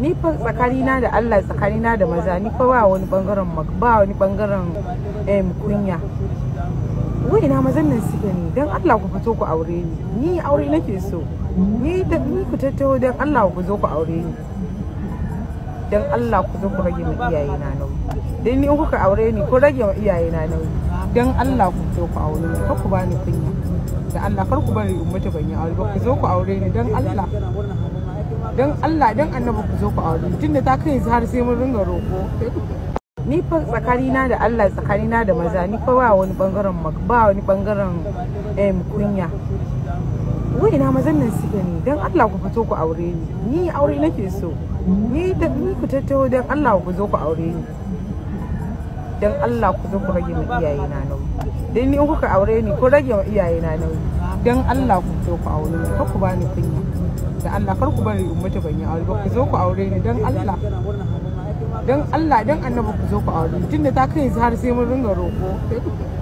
ni fa tsakanina da Allah tsakanina da maza ni fa ba wani bangaren ba wani bangaren em kunya wai na mazan nan suke ne dan Allah ku fito ku aure ni ni aure nake so ni da ni ku tattaho dan Allah ku zo ku aure ni dan Allah ku zo ku rage mu iyaye na nauyi dan ni kuka aure ni ko rage mu iyaye na nauyi dan Allah ku zo ku aure ni kar ku bani kunya da Allah kar ku bari ummata ban yi aure ba ku zo ku aure ni dan Allah don Allah don annabi ku zo ku aure tun da ta kai har sai mun ringa roko ni fa tsakanina da Allah tsakanina da maza ni fa ba wani bangaren ba wani bangaren em kunya wai na mazan nan suke ne don Allah ku fito ku aure ni ni aure nake so ni da ni ku tattaho don Allah ku zo ku aure ni don Allah ku zo ku rage ma iyaye na nan dan ni in kuka aure ni ku rage ma iyaye na nan don Allah ku zo ku aure ni ku bani kunya da Allah kar ku bari ummata ban yi aure ba ku zo ku aure ni dan Allah dan Allah dan annabi ku zo ku aure tunda ta kai har sai mun ringa roko